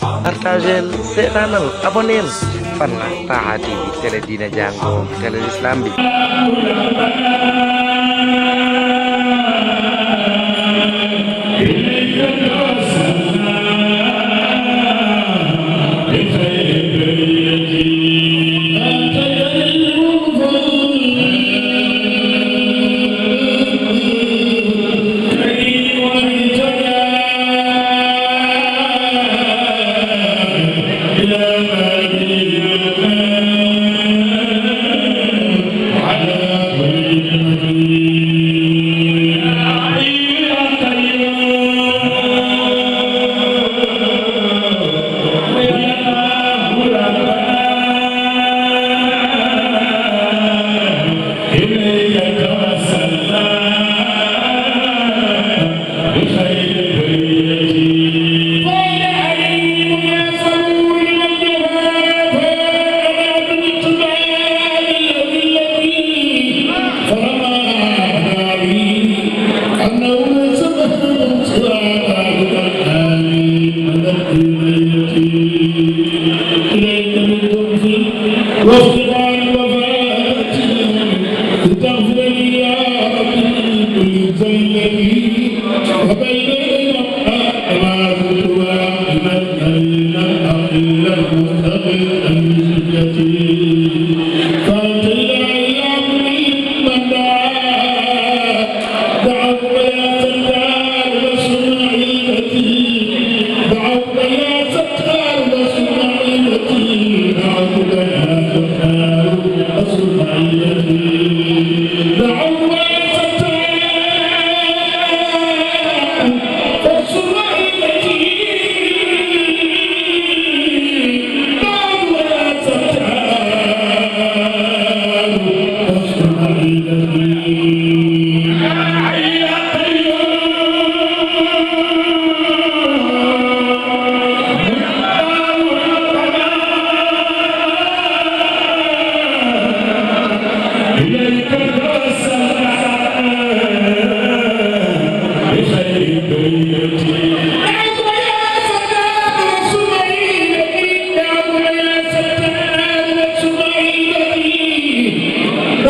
partageel seetaanal aboneel Fana Taha TV télé diine jàngoo télé islam bi Hallelujah.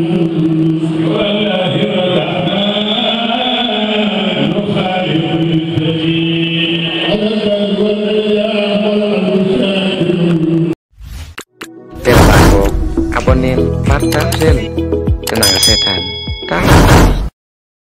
Yeah.